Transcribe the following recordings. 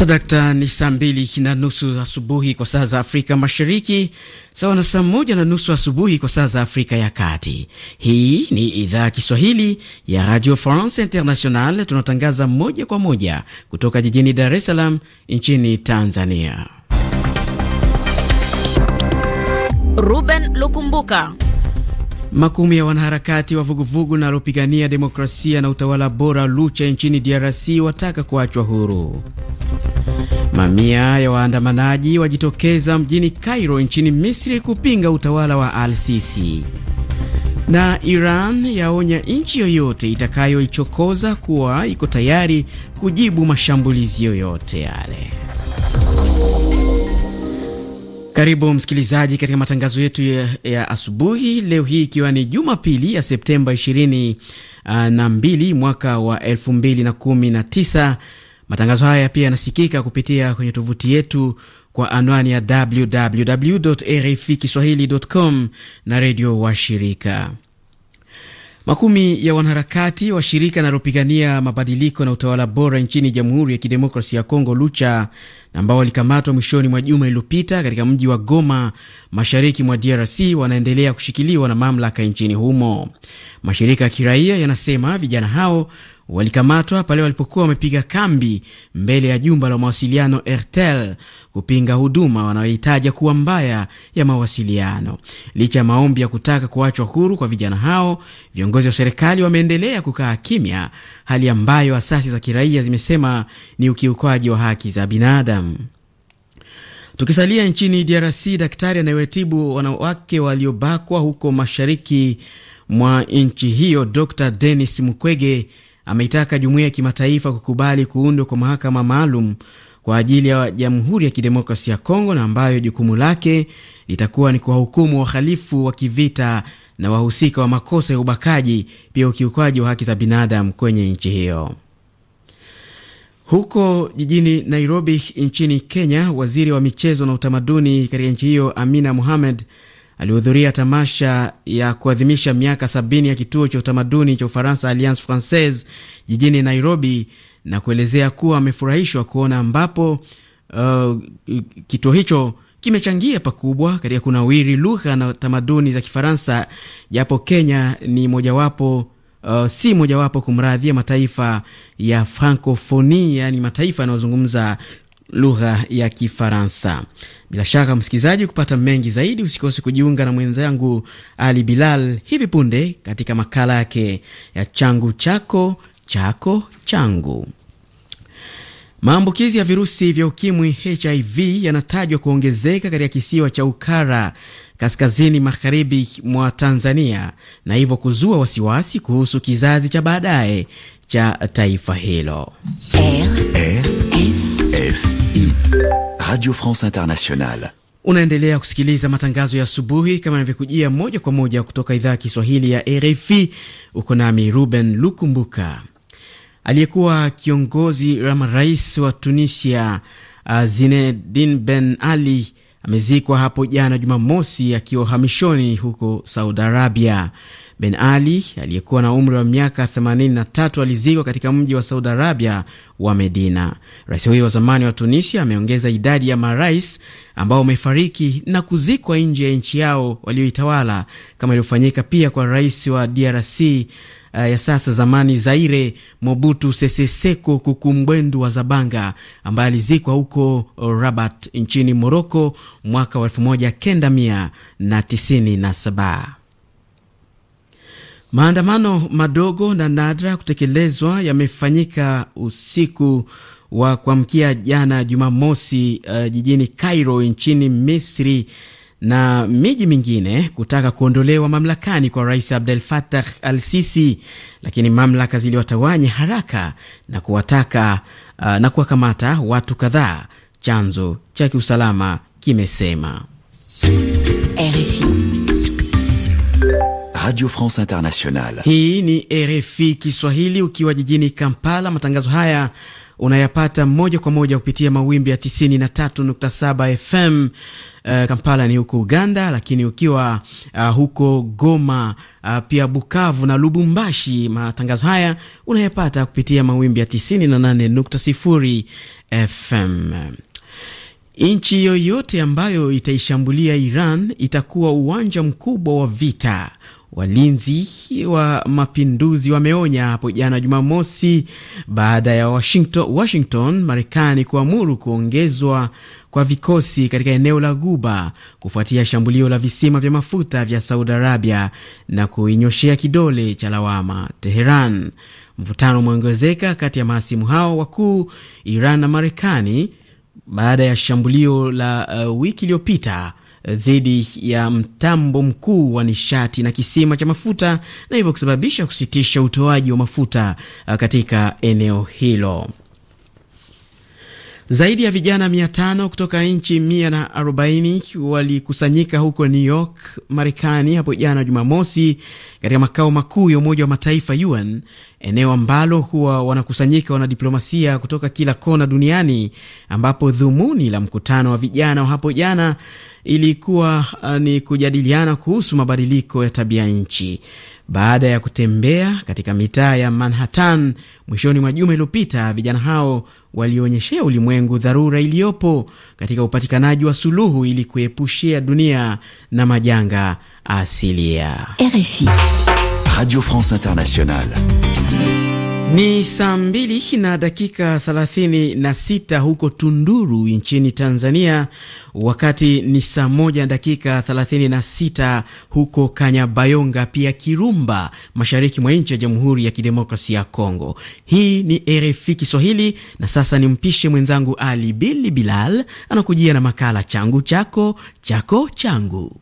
Kabisa dakta, ni saa mbili na nusu asubuhi kwa saa za Afrika Mashariki, sawa na saa moja na nusu asubuhi kwa saa za Afrika ya Kati. Hii ni idhaa ya Kiswahili ya Radio France International, tunatangaza moja kwa moja kutoka jijini Dar es Salaam nchini Tanzania. Ruben Lukumbuka Makumi ya wanaharakati wa vuguvugu linalopigania demokrasia na utawala bora Lucha nchini DRC wataka kuachwa huru. Mamia ya waandamanaji wajitokeza mjini Cairo nchini Misri kupinga utawala wa Al-Sisi. Na Iran yaonya nchi yoyote itakayoichokoza kuwa iko tayari kujibu mashambulizi yoyote yale. Karibu msikilizaji katika matangazo yetu ya, ya asubuhi leo hii ikiwa ni Jumapili ya Septemba 22 ah, mwaka wa 2019. Matangazo haya pia yanasikika kupitia kwenye tovuti yetu kwa anwani ya www.rfikiswahili.com na redio washirika Makumi ya wanaharakati wa shirika linalopigania mabadiliko na utawala bora nchini Jamhuri ya Kidemokrasia ya Kongo, Lucha, na ambao walikamatwa mwishoni mwa juma iliyopita katika mji wa Goma, mashariki mwa DRC, wanaendelea kushikiliwa na mamlaka nchini humo. Mashirika ya kiraia yanasema vijana hao walikamatwa pale walipokuwa wamepiga kambi mbele ya jumba la mawasiliano Airtel kupinga huduma wanayohitaja kuwa mbaya ya mawasiliano. Licha ya maombi ya kutaka kuachwa huru kwa vijana hao, viongozi wa serikali wameendelea kukaa kimya, hali ambayo asasi za kiraia zimesema ni ukiukwaji wa haki za binadamu. Tukisalia nchini DRC, daktari anayewatibu wanawake waliobakwa huko mashariki mwa nchi hiyo Dr Denis Mukwege ameitaka jumuiya ya kimataifa kukubali kuundwa kwa mahakama maalum kwa ajili ya Jamhuri ya kidemokrasi ya Kongo na ambayo jukumu lake litakuwa ni kuwahukumu wahalifu wa kivita na wahusika wa makosa ya ubakaji, pia ukiukwaji wa haki za binadamu kwenye nchi hiyo. Huko jijini Nairobi nchini Kenya, waziri wa michezo na utamaduni katika nchi hiyo Amina Mohamed alihudhuria tamasha ya kuadhimisha miaka sabini ya kituo cha utamaduni cha Ufaransa Alliance Francaise jijini Nairobi na kuelezea kuwa amefurahishwa kuona ambapo uh, kituo hicho kimechangia pakubwa katika kunawiri lugha na tamaduni za Kifaransa, japo Kenya ni mojawapo Uh, si mojawapo kumradhi ya mataifa ya francophonie, yaani mataifa yanayozungumza lugha ya Kifaransa. Bila shaka, msikilizaji, kupata mengi zaidi, usikose kujiunga na mwenzangu Ali Bilal hivi punde katika makala yake ya changu chako chako changu. Maambukizi ya virusi vya ukimwi HIV yanatajwa kuongezeka katika kisiwa cha Ukara kaskazini magharibi mwa Tanzania na hivyo kuzua wasiwasi kuhusu kizazi cha baadaye cha taifa hilo. RFI Radio France Internationale. Unaendelea kusikiliza matangazo ya asubuhi kama yanavyokujia moja kwa moja kutoka idhaa ya Kiswahili ya RFI. Uko nami Ruben Lukumbuka. Aliyekuwa kiongozi ama rais wa Tunisia uh, Zinedine Ben Ali amezikwa hapo jana Jumamosi akiwa uhamishoni huko Saudi Arabia. Ben Ali aliyekuwa na umri wa miaka 83 alizikwa katika mji wa Saudi Arabia wa Medina. Rais huyo wa zamani wa Tunisia ameongeza idadi ya marais ambao wamefariki na kuzikwa nje ya nchi yao walioitawala, kama ilivyofanyika pia kwa rais wa DRC uh, ya sasa zamani Zaire, Mobutu Sese Seko mbwendu wa Zabanga, ambaye alizikwa huko Rabat nchini Moroko mwaka wa elfu moja kenda mia na tisini na saba. Maandamano madogo na nadra kutekelezwa yamefanyika usiku wa kuamkia jana Jumamosi, uh, jijini Cairo nchini Misri na miji mingine kutaka kuondolewa mamlakani kwa Rais Abdel Fattah al-Sisi, lakini mamlaka ziliwatawanya haraka na kuwataka uh, na kuwakamata watu kadhaa, chanzo cha kiusalama kimesema. RFI Radio France Internationale. Hii ni RFI Kiswahili ukiwa jijini Kampala. Matangazo haya unayapata moja kwa moja kupitia mawimbi ya 93.7 FM. Uh, Kampala ni huko Uganda, lakini ukiwa uh, huko Goma uh, pia Bukavu na Lubumbashi, matangazo haya unayapata kupitia mawimbi ya 98.0 FM. Nchi yoyote ambayo itaishambulia Iran itakuwa uwanja mkubwa wa vita. Walinzi wa mapinduzi wameonya hapo jana Jumamosi baada ya Washington, Washington Marekani kuamuru kuongezwa kwa vikosi katika eneo la Guba kufuatia shambulio la visima vya mafuta vya Saudi Arabia na kuinyoshea kidole cha lawama Teheran. Mvutano umeongezeka kati ya mahasimu hao wakuu Iran na Marekani baada ya shambulio la uh, wiki iliyopita Eh, dhidi ya mtambo mkuu wa nishati na kisima cha mafuta na hivyo kusababisha kusitisha utoaji wa mafuta eh, katika eneo hilo. Zaidi ya vijana 500 kutoka nchi 140 walikusanyika huko New York, Marekani hapo jana Jumamosi, katika makao makuu ya Umoja wa Mataifa UN, eneo ambalo huwa wanakusanyika wanadiplomasia kutoka kila kona duniani, ambapo dhumuni la mkutano wa vijana wa hapo jana ilikuwa uh, ni kujadiliana kuhusu mabadiliko ya tabia nchi. Baada ya kutembea katika mitaa ya Manhattan mwishoni mwa juma iliyopita, vijana hao walionyeshea ulimwengu dharura iliyopo katika upatikanaji wa suluhu ili kuepushia dunia na majanga asilia. RFI Radio France Internationale. Ni saa mbili na dakika na sita huko Tunduru nchini Tanzania, wakati ni saa moja na dakika 36 huko Kanyabayonga, pia Kirumba, mashariki mwa nchi ya Jamhuri ya Kidemokrasia ya Kongo. Hii ni RFI Kiswahili na sasa ni mpishe mwenzangu Ali Bili Bilal anakujia na makala changu chako chako changu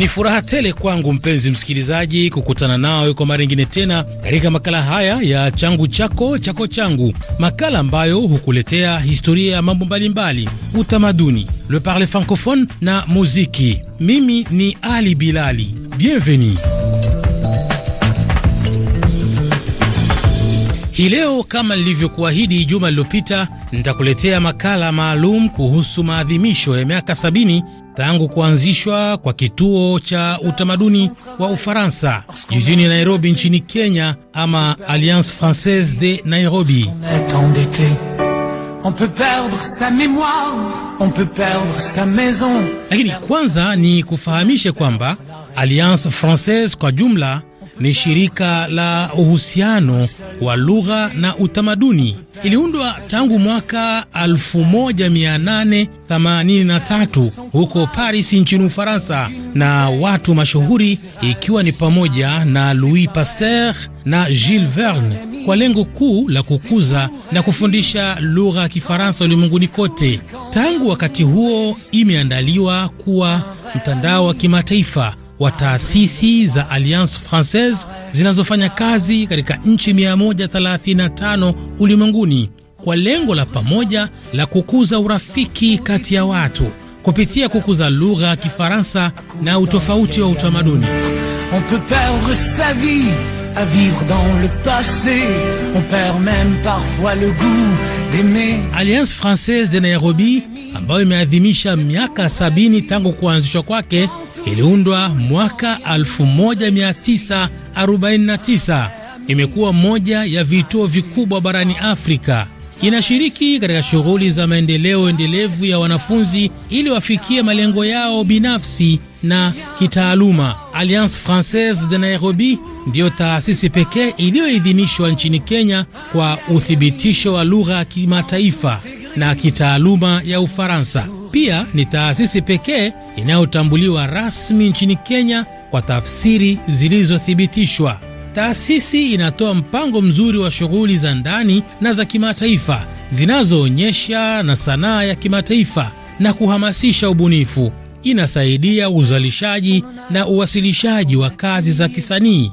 Ni furaha tele kwangu mpenzi msikilizaji, kukutana nawe kwa mara nyingine tena katika makala haya ya changu chako chako changu, makala ambayo hukuletea historia ya mambo mbalimbali, utamaduni, le parle francophone na muziki. Mimi ni Ali Bilali, bienvenue. Hii leo kama nilivyokuahidi juma lililopita, nitakuletea makala maalum kuhusu maadhimisho ya miaka sabini tangu kuanzishwa kwa kituo cha utamaduni wa Ufaransa jijini Nairobi nchini Kenya, ama Alliance Francaise de Nairobi. On peut perdre sa mémoire, on peut perdre sa maison. Lakini kwanza ni kufahamishe kwamba Alliance Francaise kwa jumla ni shirika la uhusiano wa lugha na utamaduni. Iliundwa tangu mwaka 1883 huko Paris nchini Ufaransa na watu mashuhuri ikiwa ni pamoja na Louis Pasteur na Jules Verne kwa lengo kuu la kukuza na kufundisha lugha ya Kifaransa ulimwenguni kote. Tangu wakati huo imeandaliwa kuwa mtandao wa kimataifa wa taasisi za Alliance Francaise zinazofanya kazi katika nchi 135 ulimwenguni kwa lengo la pamoja la kukuza urafiki kati ya watu kupitia kukuza lugha ya Kifaransa na utofauti wa utamaduni. On peut perdre sa vie a vivre dans le passé on perd même parfois le goût Alliance Francaise de Nairobi ambayo imeadhimisha miaka sabini tangu kuanzishwa kwake iliundwa mwaka 1949. Imekuwa moja ya vituo vikubwa barani Afrika. Inashiriki katika shughuli za maendeleo endelevu ya wanafunzi ili wafikie malengo yao binafsi na kitaaluma. Alliance Française de Nairobi ndiyo taasisi pekee iliyoidhinishwa nchini Kenya kwa uthibitisho wa lugha ya kimataifa na kitaaluma ya Ufaransa. Pia ni taasisi pekee inayotambuliwa rasmi nchini Kenya kwa tafsiri zilizothibitishwa. Taasisi inatoa mpango mzuri wa shughuli za ndani na za kimataifa zinazoonyesha na sanaa ya kimataifa na kuhamasisha ubunifu. Inasaidia uzalishaji na uwasilishaji wa kazi za kisanii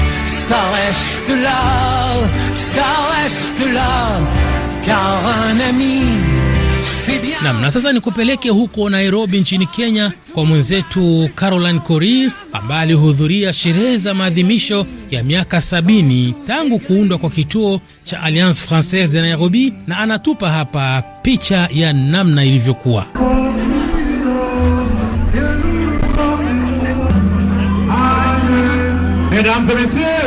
ça reste là, ça reste là, car un ami Nam, na sasa nikupeleke huko Nairobi nchini Kenya kwa mwenzetu Caroline Korir ambaye alihudhuria sherehe za maadhimisho ya miaka sabini tangu kuundwa kwa kituo cha Alliance Francaise de Nairobi, na anatupa hapa picha ya namna ilivyokuwa. Mesdames et messieurs,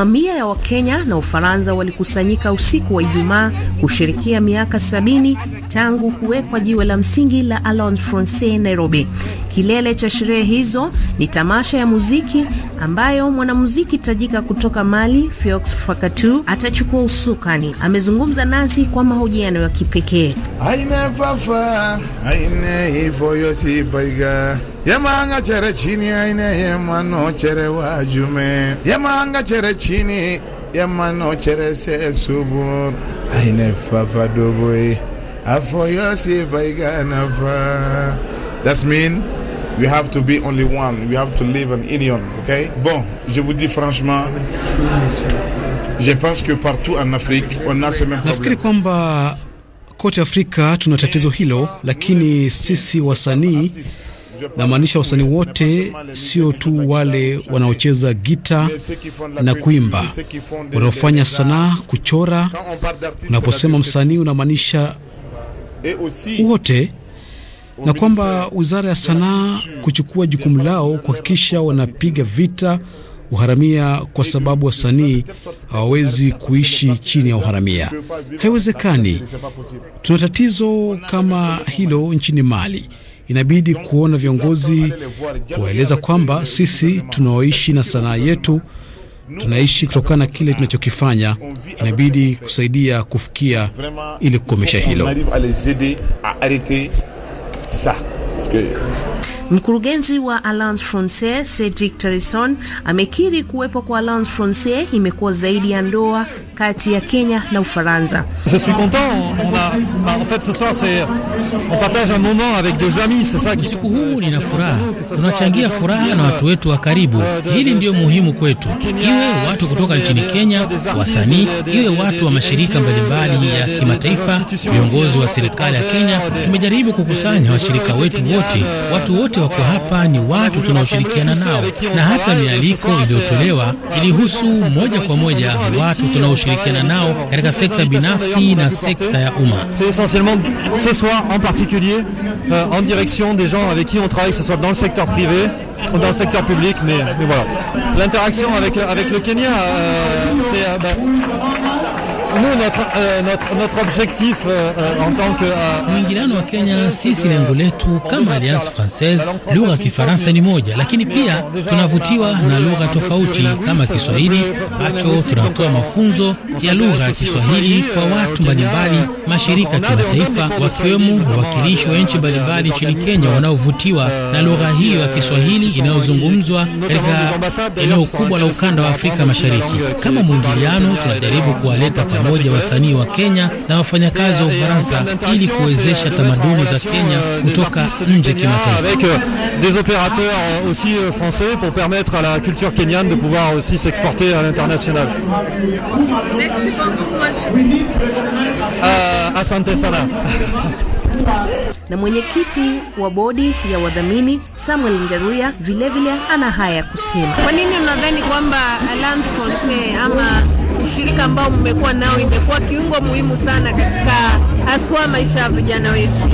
Mamia ya Wakenya na Ufaransa walikusanyika usiku wa Ijumaa kusherekea miaka sabini tangu kuwekwa jiwe la msingi la alon Francaise Nairobi. Kilele cha sherehe hizo ni tamasha ya muziki ambayo mwanamuziki tajika kutoka Mali Fiox Fakatu atachukua usukani. Amezungumza nasi kwa mahojiano ya kipekee. Yemanga chere chini aine yemano chere wajume Yemanga chere chini yemano chere se subur Aine fafa dubui Afoyosi baiganafa That's mean we have to be only one. We have to live an union, okay Bon, je vous dis franchement, je pense que partout en Afrique, on a ce même Nafikiri kwamba kote Afrika tuna tatizo hilo, lakini sisi wasanii namaanisha wasanii wote, sio tu wale wanaocheza gita na kuimba, wanaofanya sanaa, kuchora. Unaposema msanii unamaanisha wote, na kwamba wizara ya sanaa kuchukua jukumu lao kuhakikisha wanapiga vita uharamia kwa sababu wasanii hawawezi kuishi chini ya uharamia. Haiwezekani. Tuna tatizo kama hilo nchini Mali inabidi kuona viongozi kuwaeleza kwamba sisi tunaoishi na sanaa yetu tunaishi kutokana na kile tunachokifanya. Inabidi kusaidia kufikia ili kukomesha hilo. Mkurugenzi wa Alliance Francaise Cedric Tarison amekiri kuwepo kwa Alliance Francaise imekuwa zaidi ya ndoa, kati ya Kenya na Ufaransa. Je suis content. On a, en fait ce soir c'est on partage un moment avec des amis, c'est ça. Usiku huu nina furaha, tunachangia furaha na watu wetu wa karibu. Euh, Hili ndio muhimu kwetu, iwe watu kutoka nchini Kenya, wasanii, iwe watu wa mashirika mbalimbali ya kimataifa, viongozi wa serikali ya Kenya. Tumejaribu kukusanya washirika wetu wote. Watu wote wako hapa, ni watu tunaoshirikiana nao, na hata mialiko iliyotolewa ilihusu moja kwa moja watu tunaoshirikiana C'est essentiellement ce soir en particulier euh, en direction des gens avec qui on travaille, que ce soit dans le secteur privé ou dans le secteur public, mais, voilà. L'interaction avec, le Kenya, euh, c'est... Euh, bah, Nous, notre, euh, notre, notre objectif euh, euh en tant que euh, mwingiliano wa Kenya, sisi lengo letu kama Alliance Francaise, lugha ya Kifaransa ni moja, lakini pia tunavutiwa na lugha tofauti kama Kiswahili ambacho tunatoa mafunzo ya lugha ya Kiswahili kwa watu mbalimbali, mashirika ya kimataifa, wakiwemo wawakilishi wa nchi mbalimbali nchini Kenya wanaovutiwa na lugha hiyo ya Kiswahili inayozungumzwa katika eneo kubwa la ukanda wa Afrika Mashariki. Kama mwingiliano tunajaribu kuwaleta pamoja wasanii wa Kenya na wafanyakazi wa Ufaransa ili kuwezesha tamaduni za Kenya euh, kutoka nje kimataifa. Avec euh, des opérateurs euh, aussi français pour permettre à la culture kenyane de pouvoir aussi s'exporter à l'international. Uh, asante sana. na mwenyekiti wa bodi ya wadhamini Samuel Njaruya vilevile ana haya kusema. Kwa nini unadhani kwamba Alliance Francaise ama ushirika ambao mmekuwa nao imekuwa kiungo muhimu sana katika haswa maisha ya vijana wetu.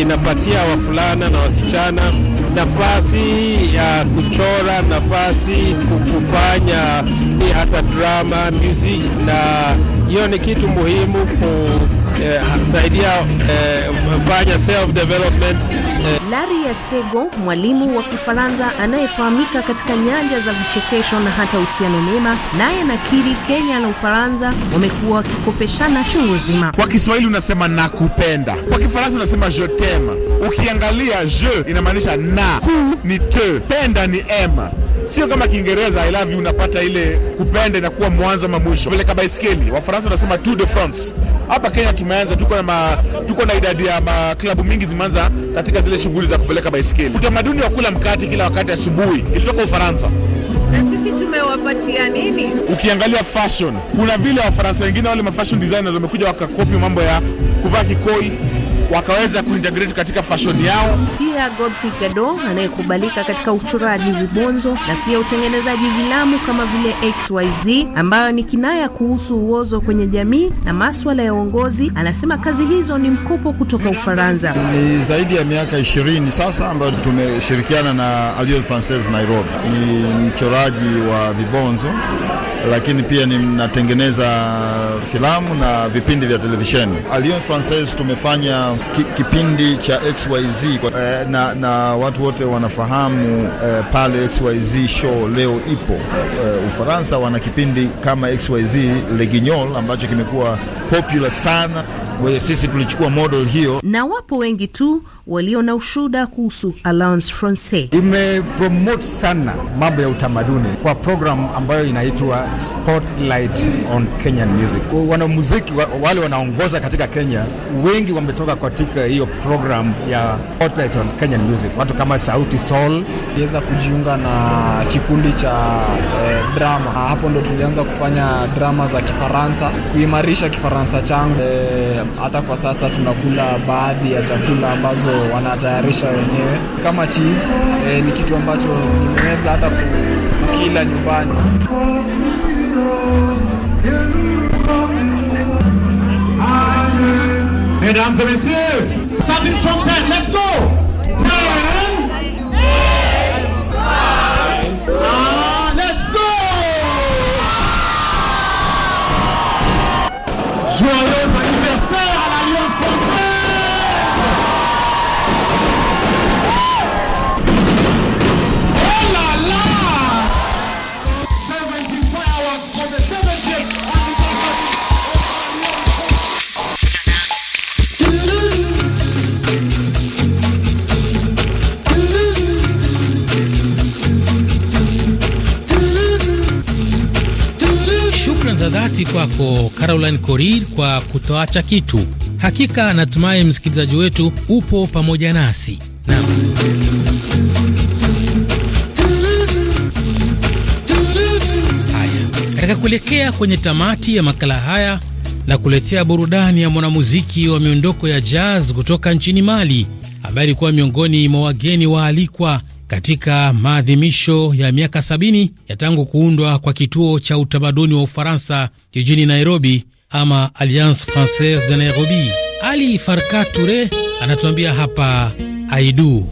Inapatia wafulana na wasichana nafasi ya kuchora, nafasi kufanya ni hata drama music, na hiyo ni kitu muhimu kusaidia eh, eh, fanya self development Larry Yasego, mwalimu wa Kifaransa anayefahamika katika nyanja za vichekesho na hata uhusiano mema, naye anakiri Kenya na Ufaransa wamekuwa wakikopeshana chungu zima Kwa Kiswahili unasema nakupenda, kwa Kifaransa unasema je t'aime. Ukiangalia je inamaanisha na, ku ni te, penda ni ema Sio kama Kiingereza I love you, unapata ile kupenda kuwa mwanzo ama mwisho, Peleka baiskeli. Wafaransa wanasema tour de France. Hapa Kenya tumeanza, tuko na ma, tuko na idadi ya maklabu mingi zimeanza katika zile shughuli za kupeleka baiskeli. Utamaduni wa kula mkate kila wakati asubuhi ilitoka Ufaransa. Na sisi tumewapatia nini? Ukiangalia fashion, kuna vile Wafaransa wengine wale ma fashion designers wamekuja wakakopi mambo ya kuvaa kikoi wakaweza kuintegrate katika fashion yao. Pia Godfrey Gado anayekubalika katika uchoraji vibonzo na pia utengenezaji vilamu kama vile XYZ ambayo ni kinaya kuhusu uozo kwenye jamii na maswala ya uongozi, anasema kazi hizo ni mkopo kutoka Ufaransa. Ni zaidi ya miaka ishirini sasa ambayo tumeshirikiana na Alliance Francaise Nairobi. Ni mchoraji wa vibonzo lakini pia ninatengeneza filamu na vipindi vya televisheni. Alliance Francaise tumefanya ki, kipindi cha XYZ kwa, eh, na, na watu wote wanafahamu eh, pale XYZ show leo ipo eh, Ufaransa wana kipindi kama XYZ Leguignol ambacho kimekuwa popular sana kwa sisi tulichukua model hiyo, na wapo wengi tu walio na ushuhuda kuhusu Alliance Francaise. Imepromote sana mambo ya utamaduni kwa program ambayo inaitwa Spotlight on Kenyan Music. Wanamuziki wale wanaongoza katika Kenya wengi wametoka katika hiyo program ya Spotlight on Kenyan Music, watu kama Sauti Sol weza kujiunga na kikundi cha eh, drama. Hapo ndo tulianza kufanya drama za Kifaransa, kuimarisha Kifaransa changu eh, hata kwa sasa tunakula baadhi ya chakula ambazo wanatayarisha wenyewe kama cheese e, ni kitu ambacho nimeweza hata kukila nyumbani ah, Joyeux huko Caroline Corir kwa kutoacha kitu. Hakika natumai msikilizaji wetu upo pamoja nasi na katika kuelekea kwenye tamati ya makala haya na kuletea burudani ya mwanamuziki wa miondoko ya jazz kutoka nchini Mali ambaye alikuwa miongoni mwa wageni waalikwa katika maadhimisho ya miaka sabini ya tangu kuundwa kwa kituo cha utamaduni wa Ufaransa jijini Nairobi ama Alliance Francaise de Nairobi. Ali Farka Toure anatuambia hapa aidu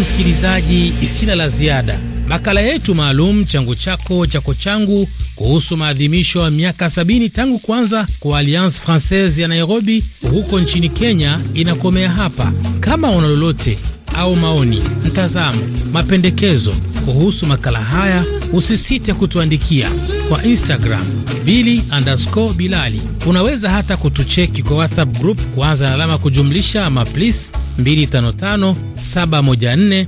msikilizaji, isina la ziada. Makala yetu maalum changu chako chako changu kuhusu maadhimisho ya miaka sabini tangu kwanza kwa Alliance Francaise ya Nairobi huko nchini Kenya inakomea hapa. Kama una lolote au maoni, mtazamo, mapendekezo kuhusu makala haya, usisite kutuandikia kwa Instagram bili underscore bilali. Unaweza hata kutucheki kwa WhatsApp group kuanza na alama kujumlisha ama plis 255 714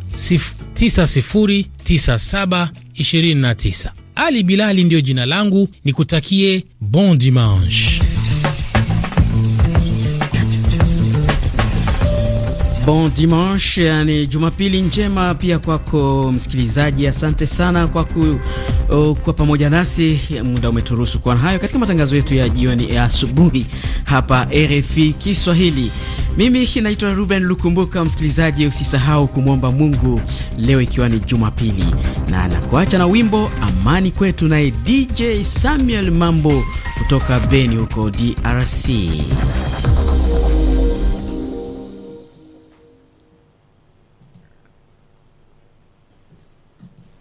9097 29. Ali Bilali ndiyo jina langu, nikutakie bon dimanche. Bon dimanche, yani Jumapili njema pia kwako msikilizaji. Asante sana kwa ku kwa pamoja nasi. Muda umeturuhusu kuwa hayo katika matangazo yetu ya jioni ya asubuhi hapa RFI Kiswahili. Mimi naitwa Ruben Lukumbuka. Msikilizaji, usisahau kumwomba Mungu leo ikiwa ni Jumapili, na nakuacha na wimbo amani kwetu, naye DJ Samuel Mambo kutoka Beni huko DRC.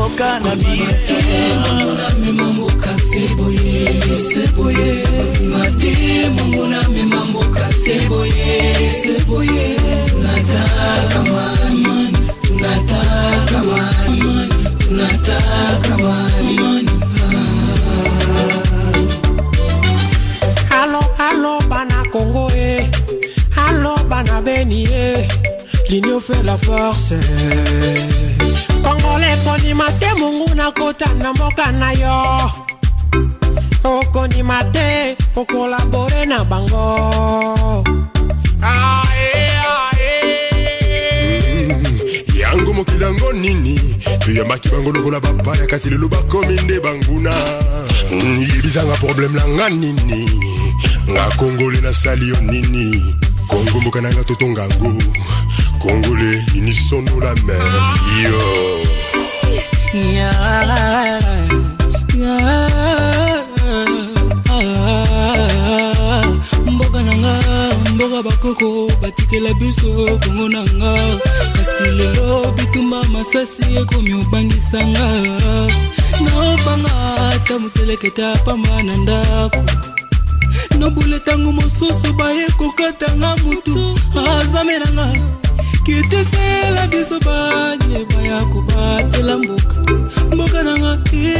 kuokoka na Yesu. Mungu Kongo eh. Halo bana Beni eh. fait la force. kongole koni mate mungu nakota na mboka na yo okonima te kokolabore na bango ae, ae. Mm, yango mokili yango nini toyambaki bango lokola bapaya kasi lelo bakomi nde banguna mm, yebisanga probleme na nga nini nga kongole nasali yo nini kongo mboka na nga totongango Congolais, unissons-nous la main. Yo. Ah, ah. mboka na nga mboka bakoko batikela biso kongo na nga kasi lelo bitumba masasi ekomi obangisanga nobanga ata moseleketa pamba na ndako nobule ntango mosusu baye kokatanga mutu azame ah, na nga kitesela kisobanye bayakubatela mbuka mbuka nangaki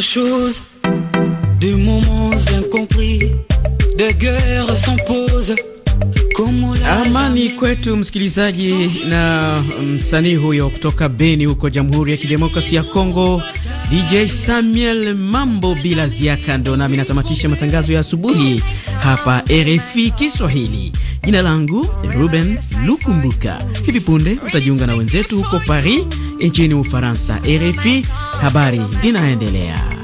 des choses, des moments incompris, des guerres sans pause. Amani kwetu msikilizaji, na msanii huyo kutoka Beni huko Jamhuri ya Kidemokrasia ya Kongo, DJ Samuel Mambo bila ziaka, ndo nami natamatisha matangazo ya asubuhi hapa RFI Kiswahili. Jina langu Ruben Lukumbuka. Hivi punde utajiunga na wenzetu huko Paris nchini Ufaransa. RFI, habari zinaendelea.